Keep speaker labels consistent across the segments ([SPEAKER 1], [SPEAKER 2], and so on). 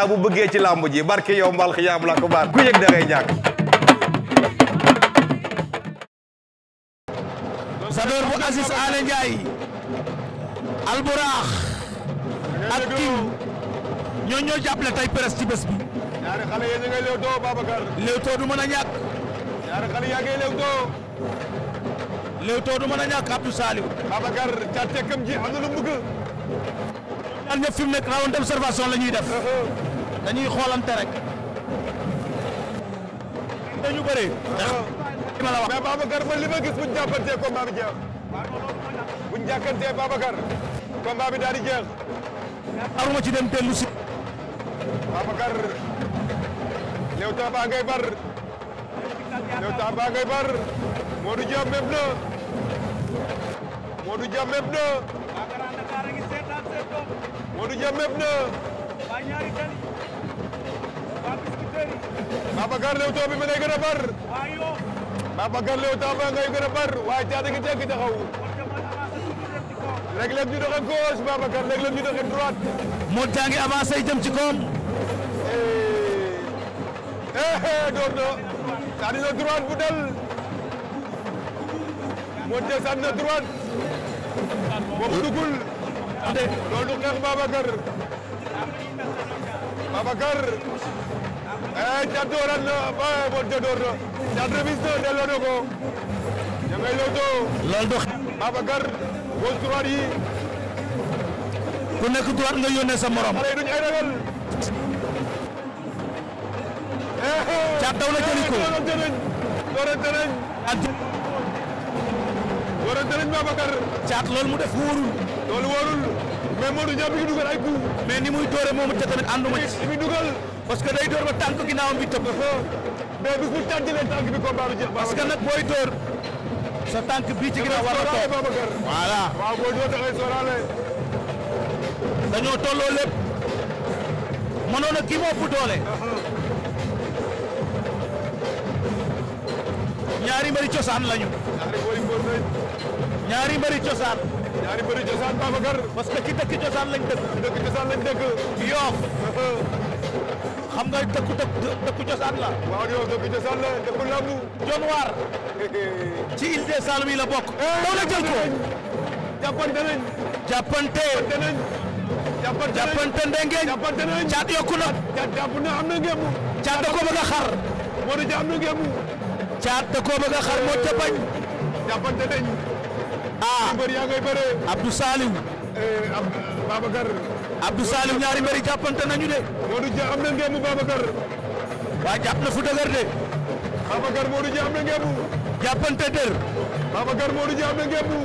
[SPEAKER 1] naa bu bëggee ci làmb ji barke yow mbal xiyaam la ko baar ku yëg da ngay ñàkk
[SPEAKER 2] sadoor bu Aziz Aly Ndiaye alburaax ak kiw ñoo ñoo jàppale tey presse ci bés bi too du mën a ñàkk ñaari xale yaa ngay léew too léew too du mën a ñàkk Abdou Saliou ji am lu bëgg ñaan ñëpp mu nekk round d'observation la ñuy def uh-huh. dañuy xoolante rek. dañu bëri. li ma la gis bu ñu jàppantee combat bi jeex. bu ñu jàkkantee Babacar. combat bi daal di jeex. aruma ci dem dellu si. Babacar. léew taa baa bar. léew taa baa na. Modou Diam méb na. Modou Diam méb na. waa ñaari tali waa Biscuiterie Babacar Leewtoo bi ma gën a bar waa yoo Babacar Leewtoo ba ngay a bar waaye caata gi tekki taxaw Reug Reug ñu doxe gauche Babacar Reug Reug ñu doxe droite Modou Dia ngi avancé jëm ci koom eh, eh, eh door na sànni na bu dal Modou Dia sànni na droite boobu dugul loolu du xeex Babacar Babacar ee eh, Thiat dooran na baa bon Thiat door na Thiat remise na delloo na ko ku nekk nga yónnee sa morom xale yi duñ ay ragal Thiat eh, daw na jëli ko doorante nañ mu def wóorul loolu wóorul mais Modou Niang mi mais ni muy doore moom ca tamit ànduma ci. parce que day door ba tànk ginnaawam bi tëb. mais bis bu tànkilee parce que nag booy door sa tànk bii ci ginnaaw war a toog voilà. waaw dañoo tolloo lépp mënoon a kii moo ëpp doole. ñaari mbëri cosaan lañu. ñaari mbëri cosaan. ñaari bëri cosaan Babacar. parce que ci dëkk cosaan lañ dëkk. ci dëkk cosaan lañ dëkk. xam la. waaw Waar. ci île des Saloum yi la bokk. Eh, la jël ko. jàppante nañ. caat yokku na. caat jàpp na caat da a xar. moo di am na ngemu. caat ah mbër yaa ngay bëree. Abdou Salim. Eh, Babacar. Abdou Salim ñaari mbëri jàppante nañu de. Modou Dia am na ngemu Babacar. waa jàpp na fu dëgër de. Babacar Modou Dia am na ngemu. jàppante am na ngemu.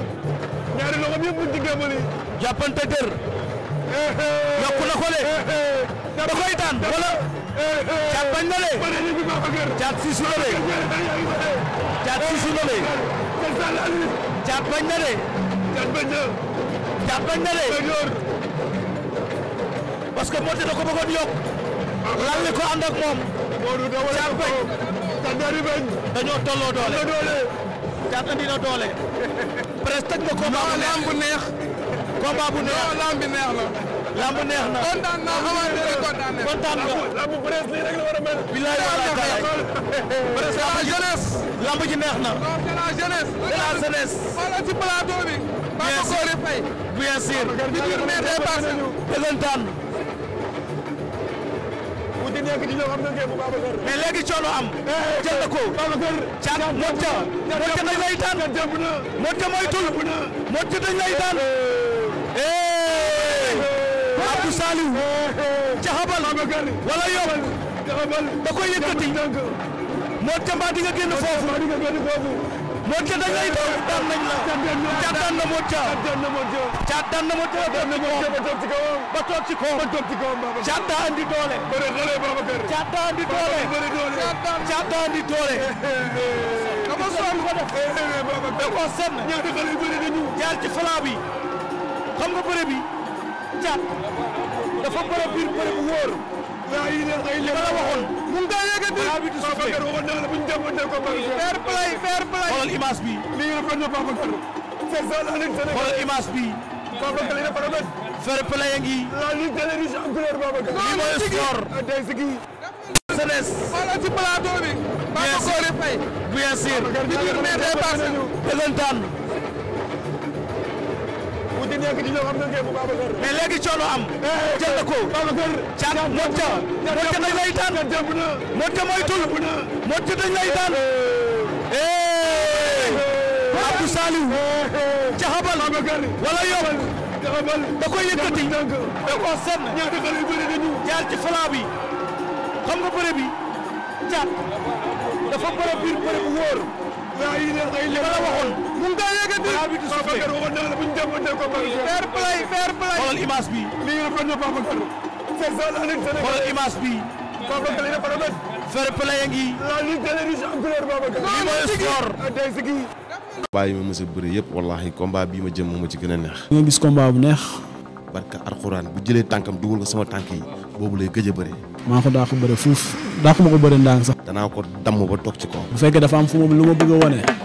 [SPEAKER 2] ñaari loxoom yëpp buñ ci ngemu li. Eh, eh. ko de. da koy daan caat bañ na lee caat si suuna lee caat si suuna lee caat bañ na lee caat bañ na lee parce que Modou da ko bëggoon yokk lan la ko ànd ak moom caat bañ dañoo tolloo doole caat andi doole presque teg nga ba am bu neex combat bu neex lamb na. lamb neex na kontaan naa xamante ne na kontaan nga. lamb bu neex lii a mel. bilaay na. non c'est la jeunesse. c'est la jeunesse. wala ci plateau bi. di jur ne dépassé. dëggantaan. bu di nekk di ñëw am na ngeen coono am. Eh, jël ko. Babacar Thiam Modou Dia. Modou Abdou Saliou caxabal wala yokk da koy yëkkati moo tamba di nga génn foofu moo ca da ngay daw daan nañ la caataan na ca caataan na ba toog ci kawam ba toog ci kawam caataa andi doole caataa andi doole caataa andi doole dama sonn ko def da koo senn jaar ci xam nga bëre bi caat dafa bëre biir bëre bu wóor. waaw yi ne ay léegi la waxoon. mu ngi koy yëkkati. waaw bi du suuf de waaw Babacar waxoon na la bu ñu demoon tey ko Babacar. fair play fair play. xoolal image bi. lii rafet na Babacar. c'est ça la ligne Sénégal. xoolal image bi. Babacar li dafa rafet. fair play a ngi. la ligne télévision ampleur Babacar. lii mooy sport. tey si kii. Sénès. xoolal ci plateau bi. bien sûr Babacar Faye. bien sûr. bi biir mais day passé. dëggantaan. ngi nekk ci ñoo xam ne ngeen coono am eh, eh, jël na ko caat Modja Modja dañ lay daan Modja moytul Modja dañ lay daan eh, eh. Abdou Saliou jaxabal wala yokk da koy yëkkati da ko sen ñaata xale yu bëri dañu jaar ci fala bi xam nga bëre bi caat dafa bëre biir bëre bu wóor la waxoon mu ngi bu ñu demoon la ligne télévision. bi. ma jëm moo ci gën a neex. nga gis combat bu neex. barka alxuraan bu jëlee tànkam dugal ko sama tànk yi boobu lay gëj a bëri. maa ko daa ko bëri fuuf daa ko ma ko sax. danaa ko damm ba toog ci kaw. bu fekkee dafa am fu mu lu ma bëgg a